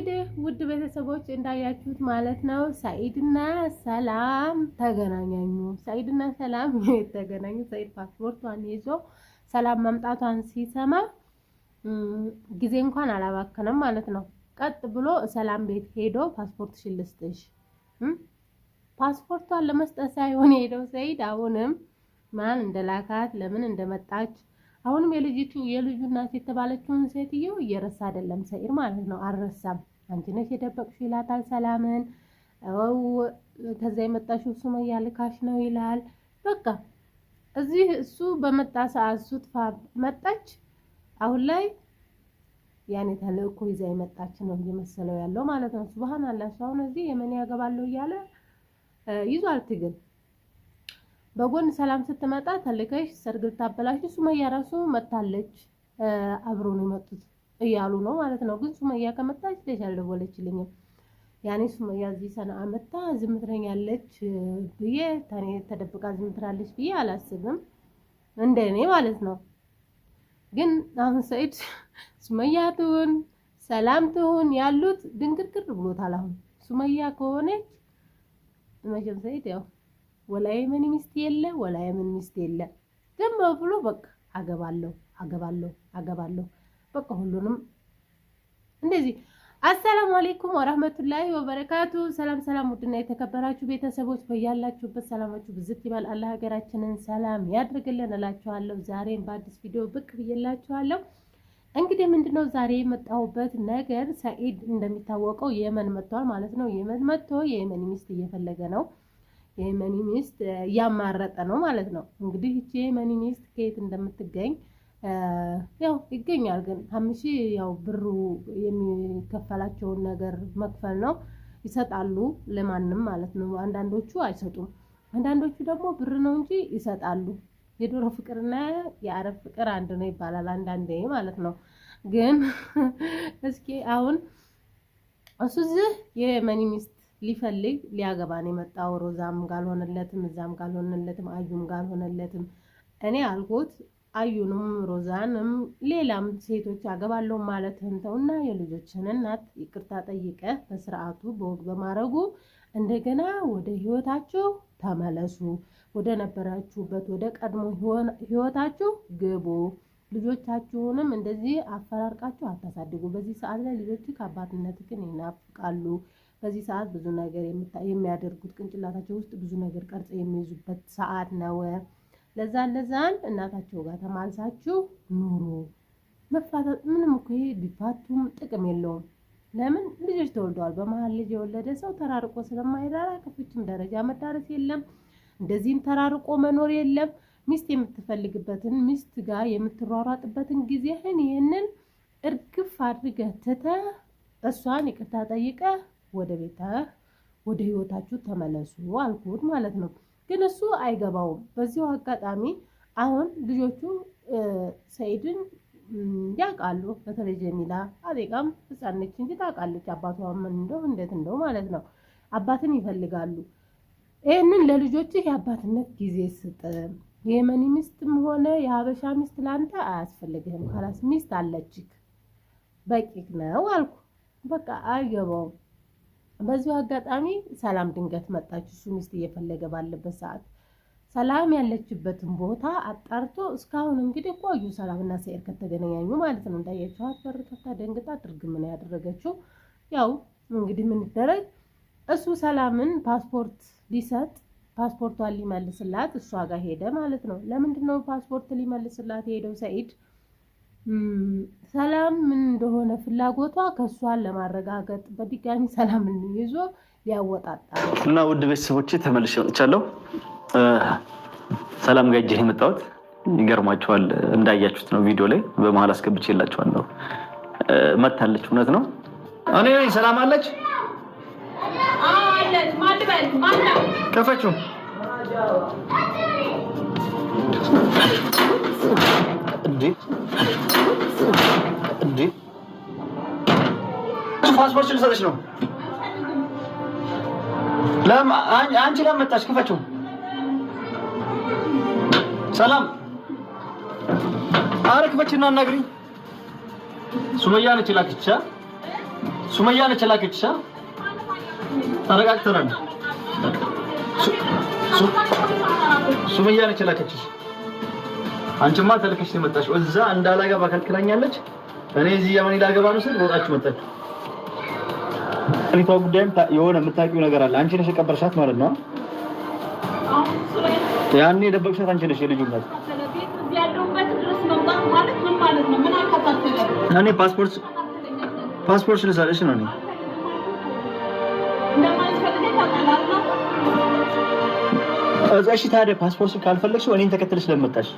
እንግዲህ ውድ ቤተሰቦች እንዳያችሁት ማለት ነው ሰኢድና ሰላም ተገናኛኙ። ሰኢድና ሰላም የተገናኙ ሰኢድ ፓስፖርቷን ይዞ ሰላም መምጣቷን ሲሰማ ጊዜ እንኳን አላባከነም ማለት ነው። ቀጥ ብሎ ሰላም ቤት ሄዶ ፓስፖርት ሽልስጥሽ ፓስፖርቷን ለመስጠት ሳይሆን የሄደው ሰኢድ አሁንም ማን እንደላካት ለምን እንደመጣች አሁንም የልጅቱ የልጁ እናት የተባለችውን ሴትየው እየረሳ አይደለም ሰኢድ ማለት ነው። አልረሳም። አንቺ ነሽ የደበቅሽው ይላታል ሰላምን። ከዛ የመጣሽው ሱመያ ልካሽ ነው ይላል። በቃ እዚህ እሱ በመጣ ሰዓት ሱትፋ መጣች። አሁን ላይ ያኔ ተልእኮ ይዛ የመጣች ነው እየመሰለው ያለው ማለት ነው። ሱብሃን አላህ። እሱ አሁን እዚህ የመን ያገባለሁ እያለ ይዟል ትግል በጎን ሰላም ስትመጣ ተልከሽ ሰርግ ልታበላሽ ሱመያ ራሱ መታለች አብሮ ነው የመጡት እያሉ ነው ማለት ነው። ግን ሱመያ ከመጣች ልጅ አልደወለችልኝም። ያኔ ሱመያ እዚህ ሰነአ መጣ ዝም ትለኛለች ብዬ ተኔ ተደብቃ ዝምትራለች ትላለች ብዬ አላስብም፣ እንደኔ ማለት ነው። ግን አሁን ሰኢድ ሱመያ ትሁን ሰላም ትሁን ያሉት ድንግርግር ብሎታል። አሁን ሱመያ ከሆነች መቼም ሰኢድ ያው ወላይ ምን ሚስት የለ ወላይ ምን ሚስት የለ ደም ብሎ በቃ አገባለሁ አገባለሁ አገባለሁ በቃ ሁሉንም እንደዚህ። አሰላሙ አሌይኩም ወራህመቱላሂ ወበረካቱ። ሰላም ሰላም፣ ውድና የተከበራችሁ ቤተሰቦች በያላችሁበት ሰላማችሁ ብዝት ይበል። አላህ ሀገራችንን ሰላም ያድርግልን እላችኋለሁ። ዛሬም በአዲስ ቪዲዮ ብቅ ብዬላችኋለሁ። እንግዲህ ምንድነው ዛሬ የመጣሁበት ነገር ሰኢድ እንደሚታወቀው የመን መጥቷል ማለት ነው። የመን መጥቶ የየመን ሚስት እየፈለገ ነው የየመኒ ሚስት እያማረጠ ነው ማለት ነው። እንግዲህ ይቺ የየመኒ ሚስት ከየት እንደምትገኝ ያው ይገኛል። ግን ሀምሺ ያው ብሩ የሚከፈላቸውን ነገር መክፈል ነው ይሰጣሉ፣ ለማንም ማለት ነው። አንዳንዶቹ አይሰጡም፣ አንዳንዶቹ ደግሞ ብር ነው እንጂ ይሰጣሉ። የዶሮ ፍቅርና የአረብ ፍቅር አንድ ነው ይባላል አንዳንዴ ማለት ነው። ግን እስኪ አሁን እሱ ዝህ የየመኒ ሚስት ሊፈልግ ሊያገባን የመጣው ሮዛም ጋልሆነለትም እዛም ጋልሆነለትም አዩም ጋልሆነለትም እኔ አልኩት አዩንም ሮዛንም ሌላም ሴቶች አገባለሁ ማለትህን ተውና የልጆችን እናት ይቅርታ ጠይቀ በስርዓቱ በወግ በማድረጉ እንደገና ወደ ህይወታችሁ ተመለሱ፣ ወደ ነበራችሁበት ወደ ቀድሞ ህይወታችሁ ግቡ። ልጆቻችሁንም እንደዚህ አፈራርቃችሁ አታሳድጉ። በዚህ ሰዓት ላይ ልጆች ከአባትነት ግን ይናፍቃሉ። በዚህ ሰዓት ብዙ ነገር የሚያደርጉት ቅንጭላታቸው ውስጥ ብዙ ነገር ቀርጽ የሚይዙበት ሰዓት ነው። ለዛን ለዛን እናታቸው ጋር ተማልሳችሁ ኑሩ። መፋታት ምንም እኮ ይሄ ቢፋቱም ጥቅም የለውም። ለምን ልጆች ተወልደዋል። በመሀል ልጅ የወለደ ሰው ተራርቆ ስለማይራራ ከፍችም ደረጃ መዳረስ የለም። እንደዚህም ተራርቆ መኖር የለም። ሚስት የምትፈልግበትን ሚስት ጋር የምትሯሯጥበትን ጊዜህን ይህንን እርግፍ አድርገህ ትተህ እሷን ይቅርታ ጠይቀህ ወደ ቤተ ወደ ህይወታችሁ ተመለሱ አልኩት ማለት ነው። ግን እሱ አይገባውም። በዚሁ አጋጣሚ አሁን ልጆቹ ሰይድን ያውቃሉ። በተለይ ጀሚላ አዜቃም ህጻነች እንጂ ታውቃለች አባቷ ምን እንደው እንዴት እንደው ማለት ነው። አባትን ይፈልጋሉ። ይህንን ለልጆች የአባትነት ጊዜ ስጥ። የመኒ ሚስትም ሆነ የሀበሻ ሚስት ላንተ አያስፈልግህም። ካላስ ሚስት አለችክ በቂክ ነው አልኩ። በቃ አይገባውም። በዚሁ አጋጣሚ ሰላም ድንገት መጣች። እሱ ሚስት እየፈለገ ባለበት ሰዓት ሰላም ያለችበትን ቦታ አጣርቶ እስካሁን እንግዲህ ቆዩ። ሰላምና ሰኢድ ከተገናኙ ማለት ነው። እንዳያችኋት በር ከፍታ ደንግጣ ድርግም ነው ያደረገችው። ያው እንግዲህ ምን ይደረግ፣ እሱ ሰላምን ፓስፖርት ሊሰጥ ፓስፖርቷን ሊመልስላት እሷ ጋር ሄደ ማለት ነው። ለምንድን ነው ፓስፖርት ሊመልስላት የሄደው ሰኢድ? ሰላም ምን እንደሆነ ፍላጎቷ ከእሷን ለማረጋገጥ በድጋሚ ሰላም ይዞ ያወጣጣ እና ውድ ቤተሰቦች ተመልሼ መጥቻለሁ። ሰላም ጋር እጄን የመጣሁት ይገርማችኋል፣ እንዳያችሁት ነው ቪዲዮ ላይ በመሀል አስገብቼ ነው መታለች፣ እውነት ነው። እኔ ሰላም አለች። ከፈችው እንዴ ፓስፖርት ልሰጥሽ ነው። አንቺ ለምን መጣሽ? ክፈችው። ሰላም አረ ክፈችና አናግሪኝ። ሱመያ ነች ላክቻ። ሱመያ ነች ላክቻ። ተረጋግተናል። ሱመያ ነች ላክቻ። አንቺማ ተልከሽ የመጣሽ እዛ እንዳላገባ ከልክላኛለች። እኔ እዚህ የመን ላገባ ነው ስል ወጣችሁ መጣችሁ። ሪቷ ጉዳይም የሆነ የምታውቂው ነገር አለ። አንቺ ነሽ የቀበርሻት ማለት ነው። ያኔ የደበቅሻት አንቺ ነሽ። የልጁ እናት እኔ ፓስፖርት ፓስፖርት ልሰጥሽ ነው እኔ እሺ ታዲያ ፓስፖርት ካልፈለግሽ እኔን ተከትለሽ ለመጣሽ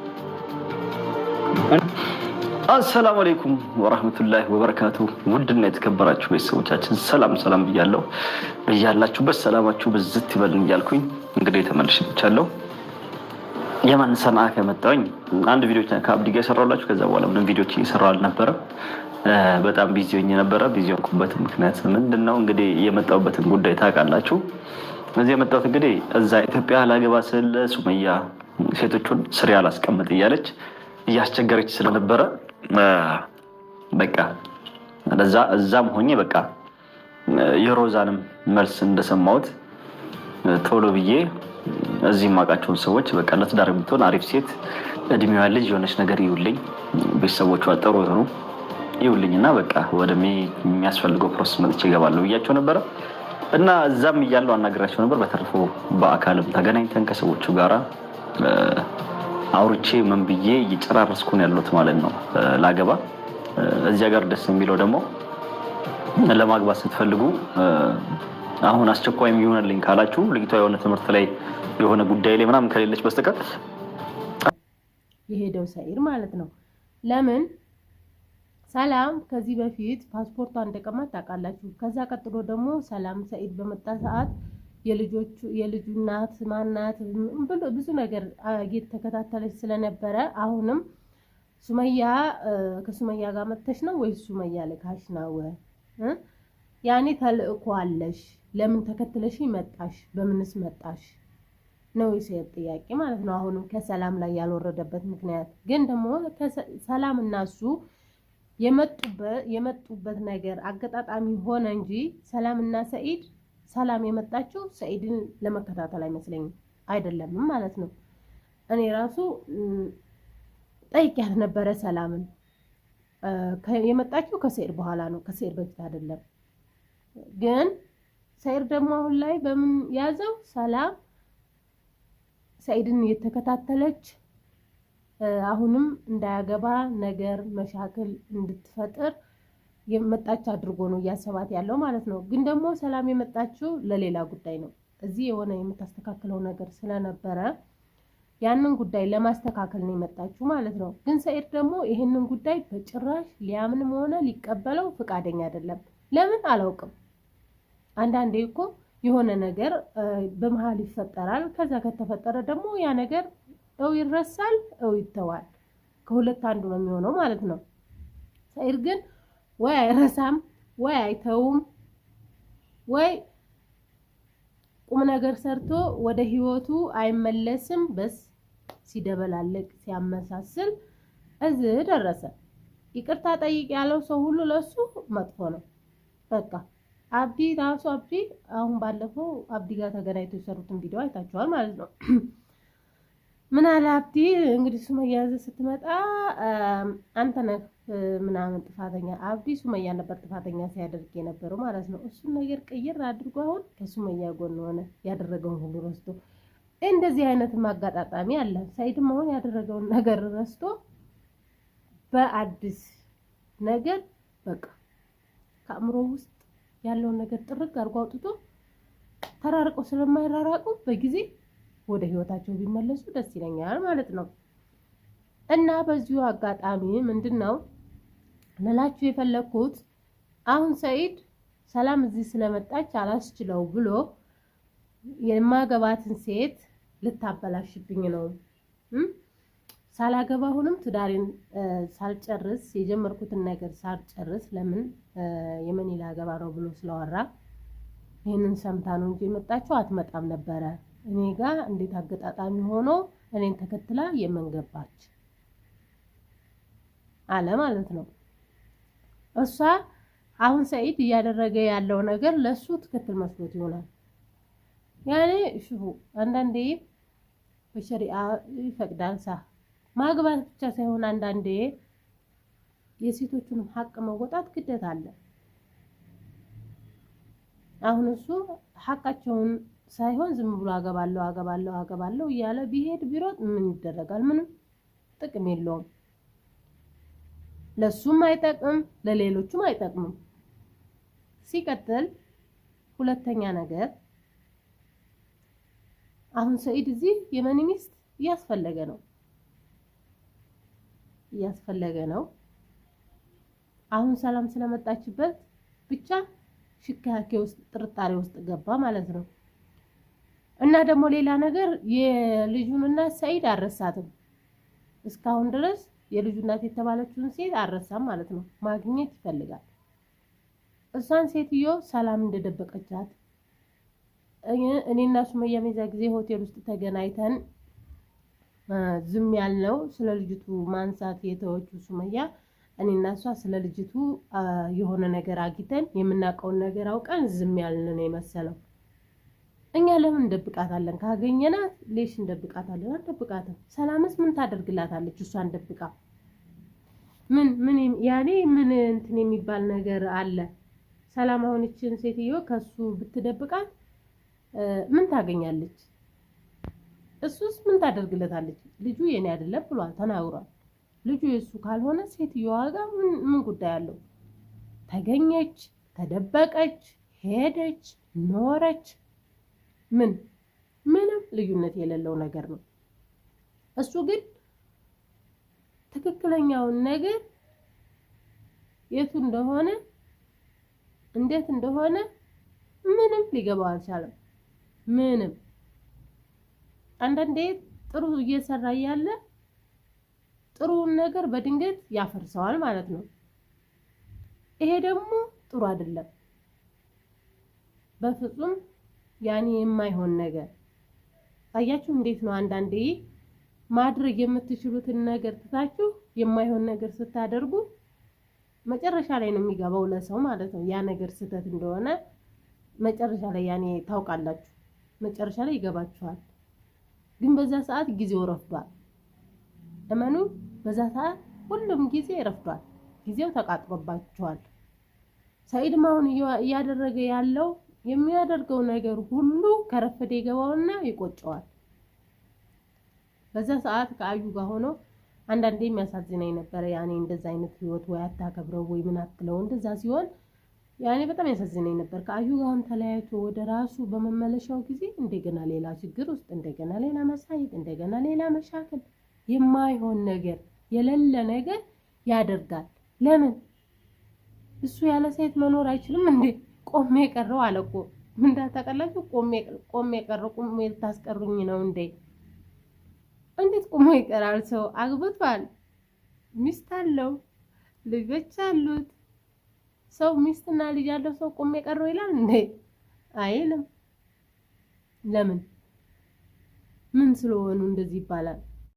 አሰላሙ አሌይኩም ወራህመቱላሂ ወበረካቱ። ውድና የተከበራችሁ ቤተሰቦቻችን ሰላም ሰላም ብያለሁ። በያላችሁበት ሰላማችሁ ብዝት ይበልን እያልኩኝ እንግዲህ ተመልሼ መጥቻለሁ። የማን ሰማ ከመጣሁኝ አንድ ቪዲዮ ከአብዲ ጋር የሰራሁላችሁ። ከዛ በኋላ ምንም ቪዲዮች እየሰራሁ አልነበረም። በጣም ቢዚ ሆኜ ነበረ። ቢዚ ሆንኩበት ምክንያት ምንድን ነው እንግዲህ የመጣሁበትን ጉዳይ ታውቃላችሁ። እዚህ የመጣሁት እንግዲህ እዛ ኢትዮጵያ ላገባ ስለ ሱመያ ሴቶቹን ስሪያ አላስቀምጥ እያለች እያስቸገረች ስለነበረ በቃ እዛም ሆኜ በቃ የሮዛንም መልስ እንደሰማሁት ቶሎ ብዬ እዚህ የማውቃቸውን ሰዎች በቃ ለትዳር የምትሆን አሪፍ ሴት እድሜዋ ልጅ የሆነች ነገር ይውልኝ፣ ቤተሰቦቿ ጥሩ ሆኑ ይውልኝ እና በቃ የሚያስፈልገው ፕሮሰስ መጥቼ እገባለሁ ብያቸው ነበረ እና እዛም እያለው አናገራቸው ነበር። በተረፈ በአካልም ተገናኝተን ከሰዎቹ ጋራ አውርቼ ምን ብዬ እየጨራረስኩ ነው ያሉት ማለት ነው ላገባ። እዚያ ጋር ደስ የሚለው ደግሞ ለማግባት ስትፈልጉ አሁን አስቸኳይ ይሆንልኝ ካላችሁ ልጅቷ የሆነ ትምህርት ላይ የሆነ ጉዳይ ላይ ምናምን ከሌለች በስተቀር የሄደው ሰኢድ ማለት ነው። ለምን ሰላም ከዚህ በፊት ፓስፖርቷ እንደቀማት ታውቃላችሁ። ከዛ ቀጥሎ ደግሞ ሰላም ሰኢድ በመጣ ሰዓት የልጆቹ የልጁ እናት ማናት ብዙ ነገር እየተከታተለች ስለነበረ አሁንም ሱመያ ከሱመያ ጋር መጥተሽ ነው ወይስ ሱመያ ልካሽ ነው? ያኔ ተልእኮ አለሽ፣ ለምን ተከትለሽ መጣሽ? በምንስ መጣሽ ነው የሴት ጥያቄ ማለት ነው። አሁንም ከሰላም ላይ ያልወረደበት ምክንያት ግን ደግሞ ሰላም እና እሱ የመጡበት ነገር አገጣጣሚ ሆነ እንጂ ሰላም እና ሰኢድ ሰላም የመጣችው ሰኢድን ለመከታተል አይመስለኝም አይደለም ማለት ነው። እኔ ራሱ ጠይቂያት ነበረ። ሰላምን የመጣችው ከሰኢድ በኋላ ነው፣ ከሰኢድ በፊት አይደለም። ግን ሰኢድ ደግሞ አሁን ላይ በምን ያዘው? ሰላም ሰኢድን እየተከታተለች አሁንም እንዳያገባ ነገር መሻክል እንድትፈጥር የመጣች አድርጎ ነው እያሰባት ያለው ማለት ነው። ግን ደግሞ ሰላም የመጣችው ለሌላ ጉዳይ ነው። እዚህ የሆነ የምታስተካክለው ነገር ስለነበረ ያንን ጉዳይ ለማስተካከል ነው የመጣችው ማለት ነው። ግን ሰኢድ ደግሞ ይህንን ጉዳይ በጭራሽ ሊያምንም ሆነ ሊቀበለው ፍቃደኛ አይደለም። ለምን አላውቅም። አንዳንዴ እኮ የሆነ ነገር በመሀል ይፈጠራል። ከዛ ከተፈጠረ ደግሞ ያ ነገር እው ይረሳል፣ እው ይተዋል። ከሁለት አንዱ ነው የሚሆነው ማለት ነው። ሰኢድ ግን ወይ አይረሳም፣ ወይ አይተውም፣ ወይ ቁም ነገር ሰርቶ ወደ ህይወቱ አይመለስም። በስ ሲደበላልቅ ሲያመሳስል እዚህ ደረሰ። ይቅርታ ጠይቅ ያለው ሰው ሁሉ ለሱ መጥፎ ነው። በቃ አብዲ ራሱ አብዲ አሁን ባለፈው አብዲ ጋር ተገናኝቶ የሰሩትን ቪዲዮ አይታችኋል ማለት ነው። ምን አለ አብዲ እንግዲህ ሱመያ ስትመጣ አንተ ነህ ምናምን ጥፋተኛ አብዲ ሱመያ ነበር ጥፋተኛ ሲያደርግ የነበረው ማለት ነው። እሱን ነገር ቀየር አድርጎ አሁን ከሱመያ ጎን ሆነ ያደረገውን ሁሉ ረስቶ እንደዚህ አይነትም አጋጣጣሚ አለ። ሰይድም አሁን ያደረገውን ነገር ረስቶ በአዲስ ነገር በቃ ከአእምሮ ውስጥ ያለውን ነገር ጥርግ አድርጎ አውጥቶ ተራርቀው ስለማይራራቁ በጊዜ ወደ ህይወታቸው ቢመለሱ ደስ ይለኛል ማለት ነው እና በዚሁ አጋጣሚ ምንድን ነው ልላችሁ የፈለግኩት አሁን ሰኢድ ሰላም እዚህ ስለመጣች አላስችለው ብሎ የማገባትን ሴት ልታበላሽብኝ ነው፣ ሳላገባ አሁንም ትዳሬን ሳልጨርስ የጀመርኩትን ነገር ሳልጨርስ ለምን የመን ላገባ ነው ብሎ ስለወራ ይህንን ሰምታ ነው እንጂ የመጣችው አትመጣም ነበረ። እኔ ጋ እንዴት አገጣጣሚ ሆኖ እኔን ተከትላ የመን ገባች አለ ማለት ነው። እሷ አሁን ሰኢድ እያደረገ ያለው ነገር ለሱ ትክክል መስሎት ይሆናል። ያኔ ሽቡ አንዳንዴ በሸሪአ ይፈቅዳል ሳ ማግባት ብቻ ሳይሆን አንዳንዴ የሴቶቹንም ሀቅ መወጣት ግደት አለ። አሁን እሱ ሀቃቸውን ሳይሆን ዝም ብሎ አገባለሁ አገባለሁ አገባለሁ እያለ ቢሄድ ቢሮጥ ምን ይደረጋል? ምንም ጥቅም የለውም። ለሱም አይጠቅም ለሌሎቹም አይጠቅምም። ሲቀጥል ሁለተኛ ነገር አሁን ሰኢድ እዚህ የመኒ ሚስት እያስፈለገ ነው እያስፈለገ ነው። አሁን ሰላም ስለመጣችበት ብቻ ሽካኬ ውስጥ ጥርጣሬ ውስጥ ገባ ማለት ነው። እና ደግሞ ሌላ ነገር የልጁን እናት ሰኢድ አልረሳትም እስካሁን ድረስ የልጁ እናት የተባለችውን ሴት አረሳም ማለት ነው። ማግኘት ይፈልጋል። እሷን ሴትዮ ሰላም እንደደበቀቻት እኔና ሱመያ የዛ ጊዜ ሆቴል ውስጥ ተገናኝተን ዝም ያልነው ስለ ልጅቱ ማንሳት የተወቹ ሱመያ እኔና እሷ ስለ ልጅቱ የሆነ ነገር አግኝተን የምናውቀውን ነገር አውቀን ዝም ያልን ነው የመሰለው። እኛ ለምን እንደብቃታለን? ካገኘናት ሌሽ እንደብቃታለን። አንደብቃትም። ሰላምስ ምን ታደርግላታለች? እሷ እንደብቃ ምን ምን ያኔ ምን እንትን የሚባል ነገር አለ? ሰላም አሁንችን ሴትዮ ከሱ ብትደብቃት ምን ታገኛለች? እሱስ ምን ታደርግለታለች? ልጁ የኔ አይደለም ብሏል፣ ተናግሯል። ልጁ የሱ ካልሆነ ሴትዮዋ ጋር ምን ምን ጉዳይ አለው? ተገኘች፣ ተደበቀች፣ ሄደች፣ ኖረች ምን ምንም ልዩነት የሌለው ነገር ነው። እሱ ግን ትክክለኛውን ነገር የቱ እንደሆነ እንዴት እንደሆነ ምንም ሊገባው አልቻለም። ምንም አንዳንዴ ጥሩ እየሰራ እያለ ጥሩውን ነገር በድንገት ያፈርሰዋል ማለት ነው። ይሄ ደግሞ ጥሩ አይደለም በፍጹም። ያኔ የማይሆን ነገር አያችሁ። እንዴት ነው አንዳንዴ ማድረግ የምትችሉትን ነገር ትታችሁ የማይሆን ነገር ስታደርጉ መጨረሻ ላይ ነው የሚገባው ለሰው ማለት ነው። ያ ነገር ስህተት እንደሆነ መጨረሻ ላይ ያኔ ታውቃላችሁ፣ መጨረሻ ላይ ይገባችኋል። ግን በዛ ሰዓት ጊዜው ረፍዷል። እመኑ፣ በዛ ሰዓት ሁሉም ጊዜ ረፍዷል። ጊዜው ተቃጥሮባችኋል። ሰኢድም አሁን እያደረገ ያለው የሚያደርገው ነገር ሁሉ ከረፈደ ይገባውና ይቆጨዋል። በዛ ሰዓት ከአዩ ጋር ሆኖ አንዳንዴ የሚያሳዝነኝ ነበረ። ያኔ እንደዛ አይነት ህይወት ወይ አታከብረው ወይ ምን አትለው እንደዛ ሲሆን ያኔ በጣም ያሳዝነኝ ነበር። ከአዩ ጋርም ተለያይቶ ወደ ራሱ በመመለሻው ጊዜ እንደገና ሌላ ችግር ውስጥ እንደገና ሌላ መሳይት፣ እንደገና ሌላ መሻከል የማይሆን ነገር የሌለ ነገር ያደርጋል። ለምን እሱ ያለ ሴት መኖር አይችልም እንዴ? ቆሜ ቀረው አለ እኮ እንዳታቀላችሁ ቆሜ ቀረው ቁሜ ልታስቀሩኝ ነው እንዴ እንዴት ቁሞ ይቀራል ሰው አግብቷል ሚስት አለው ልጆች አሉት ሰው ሚስትና ልጅ ያለው ሰው ቆሜ ቀረው ይላል እንዴ አይልም ለምን ምን ስለሆኑ እንደዚህ ይባላል